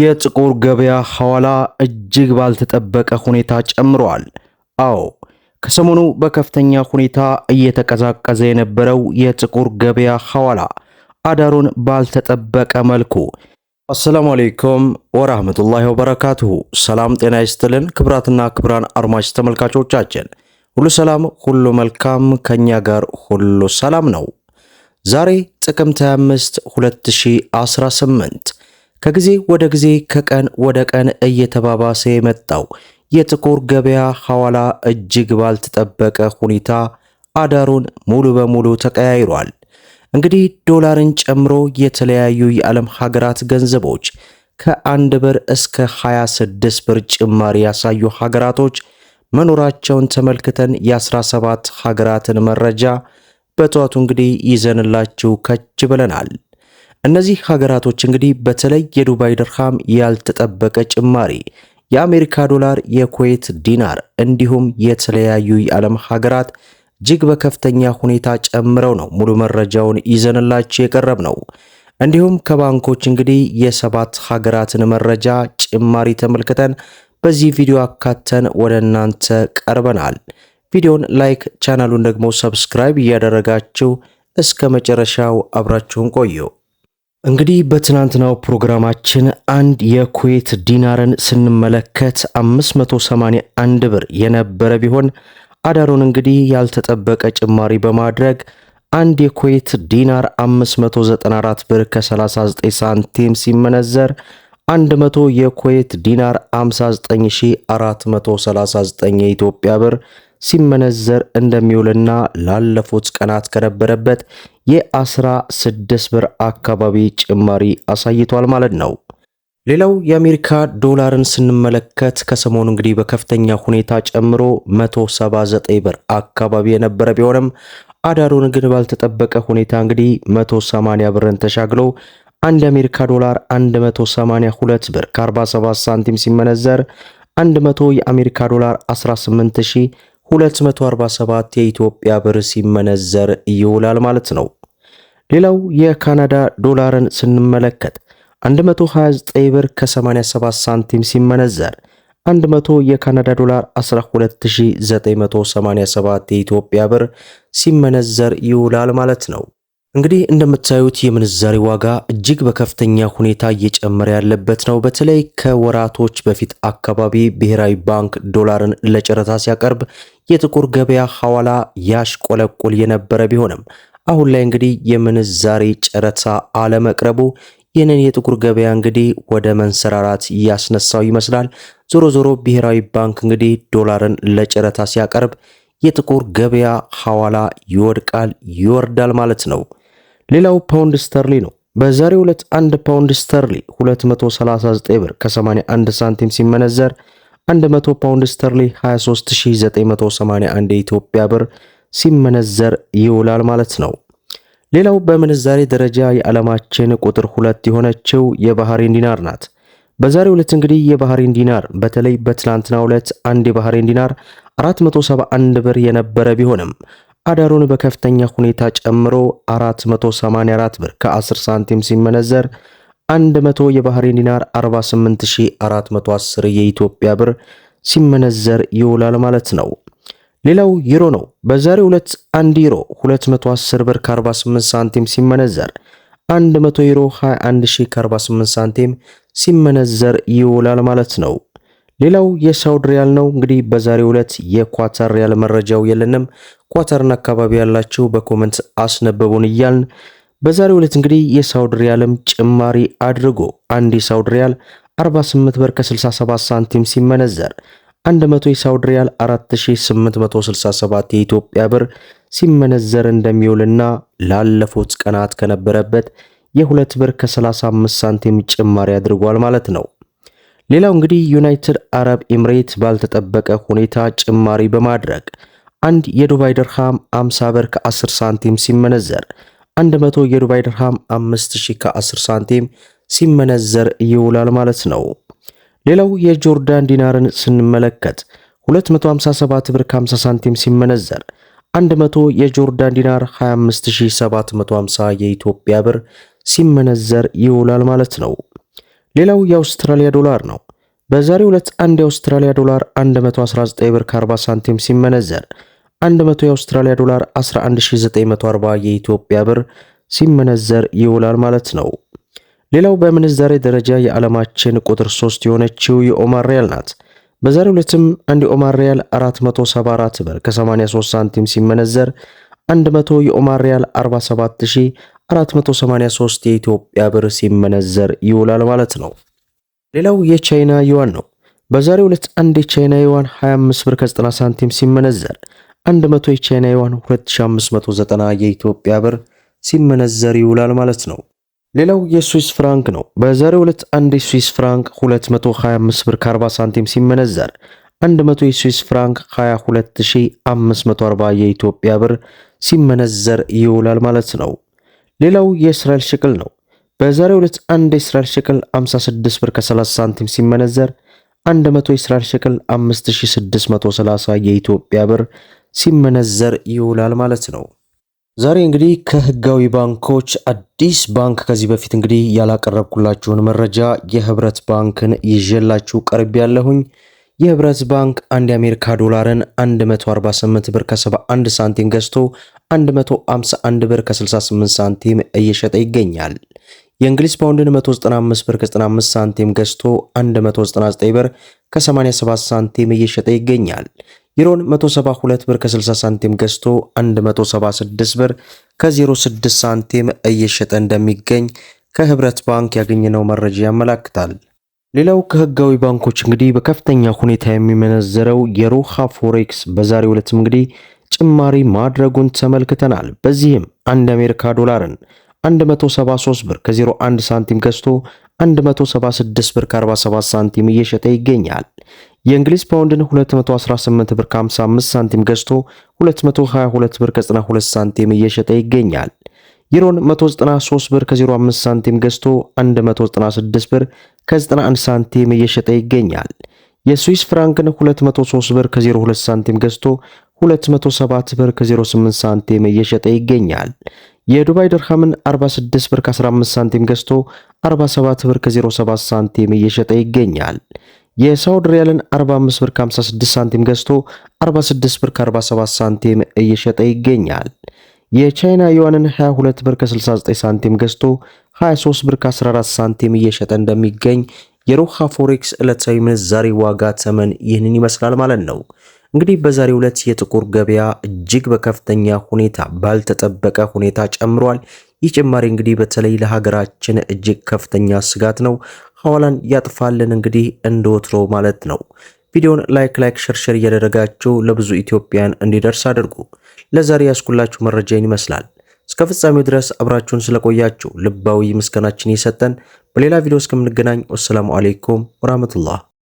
የጥቁር ገበያ ሐዋላ እጅግ ባልተጠበቀ ሁኔታ ጨምሯል። አዎ ከሰሞኑ በከፍተኛ ሁኔታ እየተቀዛቀዘ የነበረው የጥቁር ገበያ ሐዋላ አዳሩን ባልተጠበቀ መልኩ። አሰላሙ አሌይኩም ወራህመቱላሂ ወበረካቱሁ። ሰላም ጤና ይስጥልን ክብራትና ክብራን አድማጭ ተመልካቾቻችን ሁሉ ሰላም፣ ሁሉ መልካም፣ ከኛ ጋር ሁሉ ሰላም ነው። ዛሬ ጥቅምት 25 2018 ከጊዜ ወደ ጊዜ ከቀን ወደ ቀን እየተባባሰ የመጣው የጥቁር ገበያ ሐዋላ እጅግ ባልተጠበቀ ሁኔታ አዳሩን ሙሉ በሙሉ ተቀያይሯል። እንግዲህ ዶላርን ጨምሮ የተለያዩ የዓለም ሀገራት ገንዘቦች ከአንድ ብር እስከ 26 ብር ጭማሪ ያሳዩ ሀገራቶች መኖራቸውን ተመልክተን የ17 ሀገራትን መረጃ በጠዋቱ እንግዲህ ይዘንላችሁ ከች ብለናል። እነዚህ ሀገራቶች እንግዲህ በተለይ የዱባይ ድርሃም ያልተጠበቀ ጭማሪ፣ የአሜሪካ ዶላር፣ የኩዌት ዲናር እንዲሁም የተለያዩ የዓለም ሀገራት እጅግ በከፍተኛ ሁኔታ ጨምረው ነው ሙሉ መረጃውን ይዘንላችሁ የቀረብ ነው። እንዲሁም ከባንኮች እንግዲህ የሰባት ሀገራትን መረጃ ጭማሪ ተመልክተን በዚህ ቪዲዮ አካተን ወደ እናንተ ቀርበናል። ቪዲዮን ላይክ፣ ቻናሉን ደግሞ ሰብስክራይብ እያደረጋችሁ እስከ መጨረሻው አብራችሁን ቆዩ። እንግዲህ በትናንትናው ፕሮግራማችን አንድ የኩዌት ዲናርን ስንመለከት 581 ብር የነበረ ቢሆን አዳሩን እንግዲህ ያልተጠበቀ ጭማሪ በማድረግ አንድ የኩዌት ዲናር 594 ብር ከ39 ሳንቲም ሲመነዘር 100 የኩዌት ዲናር 59439 የኢትዮጵያ ብር ሲመነዘር እንደሚውልና ላለፉት ቀናት ከነበረበት የ16 ብር አካባቢ ጭማሪ አሳይቷል ማለት ነው። ሌላው የአሜሪካ ዶላርን ስንመለከት ከሰሞኑ እንግዲህ በከፍተኛ ሁኔታ ጨምሮ 179 ብር አካባቢ የነበረ ቢሆንም አዳሩን ግን ባልተጠበቀ ሁኔታ እንግዲህ 180 ብርን ተሻግሎ አንድ የአሜሪካ ዶላር 182 ብር ከ47 ሳንቲም ሲመነዘር 100 የአሜሪካ ዶላር 18 247 የኢትዮጵያ ብር ሲመነዘር ይውላል ማለት ነው። ሌላው የካናዳ ዶላርን ስንመለከት 129 ብር ከ87 ሳንቲም ሲመነዘር 100 የካናዳ ዶላር 12987 የኢትዮጵያ ብር ሲመነዘር ይውላል ማለት ነው። እንግዲህ እንደምታዩት የምንዛሪ ዋጋ እጅግ በከፍተኛ ሁኔታ እየጨመረ ያለበት ነው። በተለይ ከወራቶች በፊት አካባቢ ብሔራዊ ባንክ ዶላርን ለጨረታ ሲያቀርብ የጥቁር ገበያ ሐዋላ ያሽቆለቁል የነበረ ቢሆንም አሁን ላይ እንግዲህ የምንዛሬ ጨረታ አለመቅረቡ ይህንን የጥቁር ገበያ እንግዲህ ወደ መንሰራራት እያስነሳው ይመስላል። ዞሮ ዞሮ ብሔራዊ ባንክ እንግዲህ ዶላርን ለጨረታ ሲያቀርብ የጥቁር ገበያ ሐዋላ ይወድቃል፣ ይወርዳል ማለት ነው። ሌላው ፓውንድ ስተርሊ ነው። በዛሬው ዕለት አንድ ፓውንድ ስተርሊ 239 ብር ከ81 ሳንቲም ሲመነዘር 100 ፓውንድ ስተርሊ 23981 የኢትዮጵያ ብር ሲመነዘር ይውላል ማለት ነው። ሌላው በምንዛሬ ደረጃ የዓለማችን ቁጥር ሁለት የሆነችው የባህሬን ዲናር ናት። በዛሬው ዕለት እንግዲህ የባህሬን ዲናር በተለይ በትላንትናው ዕለት አንድ የባህሬን ዲናር 471 ብር የነበረ ቢሆንም አዳሩን በከፍተኛ ሁኔታ ጨምሮ 484 ብር ከ10 ሳንቲም ሲመነዘር 100 የባህሬን ዲናር 48410 የኢትዮጵያ ብር ሲመነዘር ይውላል ማለት ነው። ሌላው ዩሮ ነው። በዛሬው ዕለት 1 ዩሮ 210 ብር ከ48 ሳንቲም ሲመነዘር 100 ዩሮ 21048 ሳንቲም ሲመነዘር ይውላል ማለት ነው። ሌላው የሳውድ ሪያል ነው። እንግዲህ በዛሬው ዕለት የኳተር ሪያል መረጃው የለንም። ኳተርን አካባቢ ያላችሁ በኮመንት አስነበቡን እያልን በዛሬው ዕለት እንግዲህ የሳውድ ሪያልም ጭማሪ አድርጎ አንድ የሳውድ ሪያል 48 ብር ከ67 ሳንቲም ሲመነዘር 100 የሳውድ ሪያል 4867 የኢትዮጵያ ብር ሲመነዘር እንደሚውልና ላለፉት ቀናት ከነበረበት የሁለት ብር ከ35 ሳንቲም ጭማሪ አድርጓል ማለት ነው። ሌላው እንግዲህ ዩናይትድ አረብ ኤምሬት ባልተጠበቀ ሁኔታ ጭማሪ በማድረግ አንድ የዱባይ ድርሃም 50 ብር ከ10 ሳንቲም ሲመነዘር 100 የዱባይ ድርሃም 5000 ከ10 ሳንቲም ሲመነዘር ይውላል ማለት ነው። ሌላው የጆርዳን ዲናርን ስንመለከት 257 ብር ከ50 ሳንቲም ሲመነዘር 100 የጆርዳን ዲናር 25750 የኢትዮጵያ ብር ሲመነዘር ይውላል ማለት ነው። ሌላው የአውስትራሊያ ዶላር ነው። በዛሬ ዕለት አንድ የአውስትራሊያ ዶላር 119 ብር ከ40 ሳንቲም ሲመነዘር 100 የአውስትራሊያ ዶላር 11940 የኢትዮጵያ ብር ሲመነዘር ይውላል ማለት ነው። ሌላው በምንዛሬ ደረጃ የዓለማችን ቁጥር 3 የሆነችው የኦማር ሪያል ናት። በዛሬ ዕለትም አንድ የኦማር ሪያል 474 ብር ከ83 ሳንቲም ሲመነዘር 100 የኦማር ሪያል 483 የኢትዮጵያ ብር ሲመነዘር ይውላል ማለት ነው። ሌላው የቻይና ዩዋን ነው። በዛሬው ዕለት አንድ የቻይና ዩዋን 25 ብር ከ90 ሳንቲም ሲመነዘር 100 የቻይና ዩዋን 2590 የኢትዮጵያ ብር ሲመነዘር ይውላል ማለት ነው። ሌላው የስዊስ ፍራንክ ነው። በዛሬው ዕለት አንድ የስዊስ ፍራንክ 225 ብር ከ40 ሳንቲም ሲመነዘር 100 የስዊስ ፍራንክ 22540 የኢትዮጵያ ብር ሲመነዘር ይውላል ማለት ነው። ሌላው የእስራኤል ሽቅል ነው። በዛሬው ዕለት አንድ የእስራኤል ሽቅል 56 ብር ከ30 ሳንቲም ሲመነዘር 100 የእስራኤል ሽቅል 5630 የኢትዮጵያ ብር ሲመነዘር ይውላል ማለት ነው። ዛሬ እንግዲህ ከህጋዊ ባንኮች አዲስ ባንክ ከዚህ በፊት እንግዲህ ያላቀረብኩላችሁን መረጃ የህብረት ባንክን ይዤላችሁ ቀርብ ያለሁኝ የህብረት ባንክ አንድ የአሜሪካ ዶላርን 148 ብር ከ71 ሳንቲም ገዝቶ 151 ብር ከ68 ሳንቲም እየሸጠ ይገኛል። የእንግሊዝ ፓውንድን 195 ብር ከ95 ሳንቲም ገዝቶ 199 ብር ከ87 ሳንቲም እየሸጠ ይገኛል። ዩሮን 172 ብር ከ60 ሳንቲም ገዝቶ 176 ብር ከ06 ሳንቲም እየሸጠ እንደሚገኝ ከህብረት ባንክ ያገኘነው መረጃ ያመላክታል። ሌላው ከህጋዊ ባንኮች እንግዲህ በከፍተኛ ሁኔታ የሚመነዘረው የሮሃ ፎሬክስ በዛሬው ዕለትም እንግዲህ ጭማሪ ማድረጉን ተመልክተናል። በዚህም አንድ አሜሪካ ዶላርን 173 ብር ከ01 ሳንቲም ገዝቶ 176 ብር ከ47 ሳንቲም እየሸጠ ይገኛል። የእንግሊዝ ፓውንድን 218 ብር ከ55 ሳንቲም ገዝቶ 222 ብር ከ92 ሳንቲም እየሸጠ ይገኛል። ዩሮን 193 ብር ከ05 ሳንቲም ገዝቶ 196 ብር ከ91 ሳንቲም እየሸጠ ይገኛል። የስዊስ ፍራንክን 203 ብር ከ02 ሳንቲም ገዝቶ 207 ብር ከ08 ሳንቲም እየሸጠ ይገኛል። የዱባይ ድርሃምን 46 ብር ከ15 ሳንቲም ገዝቶ 47 ብር ከ07 ሳንቲም እየሸጠ ይገኛል። የሳውድ ሪያልን 45 ብር ከ56 ሳንቲም ገዝቶ 46 ብር ከ47 ሳንቲም እየሸጠ ይገኛል። የቻይና ዩዋንን 22 ብር ከ69 ሳንቲም ገዝቶ 23 ብር ከ14 ሳንቲም እየሸጠ እንደሚገኝ የሮሃ ፎሬክስ ዕለታዊ ምንዛሬ ዋጋ ተመን ይህንን ይመስላል ማለት ነው። እንግዲህ በዛሬው ዕለት የጥቁር ገበያ እጅግ በከፍተኛ ሁኔታ ባልተጠበቀ ሁኔታ ጨምሯል። ይህ ጭማሪ እንግዲህ በተለይ ለሀገራችን እጅግ ከፍተኛ ስጋት ነው። ሐዋላን ያጥፋልን እንግዲህ እንደወትሮ ማለት ነው። ቪዲዮውን ላይክ ላይክ ሸርሸር እያደረጋችሁ ለብዙ ኢትዮጵያን እንዲደርስ አድርጉ። ለዛሬ ያስኩላችሁ መረጃን ይመስላል። እስከ ፍጻሜው ድረስ አብራችሁን ስለቆያችሁ ልባዊ ምስጋናችን እየሰጠን በሌላ ቪዲዮ እስከምንገናኝ ወሰላሙ አሌይኩም ወራህመቱላህ